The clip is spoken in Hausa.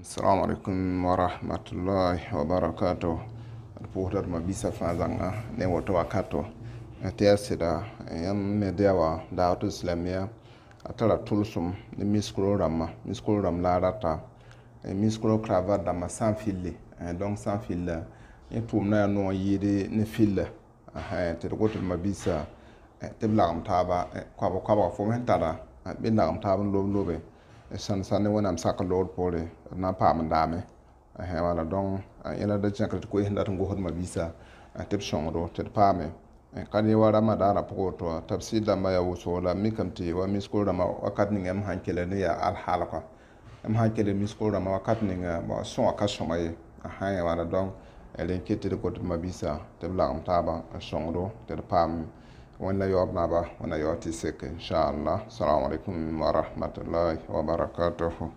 assalamu alaikum wa rahmatullahi wa ma bisa mabisa fazanga ne wato wakato ta yasi da yan medewa da wata islamiyya a tara tulsum da miskuro ramma miskuro ram larata e miskuro cravat da ma san fili e don san fili ya e tumna ya nuwa yi da ni fili ta da kotar mabisa ta bi lagam taba kwaba kwaba fo men tara bi lagam taba lobe lobe sãn sãn ne wẽnnaam sak loor poore d na n paam n daame wala donc yẽla eh, da zẽkr tɩ koesẽn dat n gosdmã biisa tɩ b sõngdo tɩ d paame ka ne eh, eh, wa rãmbã daarã pʋgẽ woto tɩ b sɩd dãmbã yaa wʋsgo la mikame tɩ wa miskr rãmbã wakat ninga m sãn kele ne yaa alhalkã m sãn kele miskr rãmbã wakat ninga sõa ka sõma ye sã wala donc rẽn ket tɩ d kot b tɩ b lagem taabã n sõngdo tɩ d paam wanda yo baba wanda yo tiseke inshallah assalamu alaikum warahmatullahi wabarakatuhu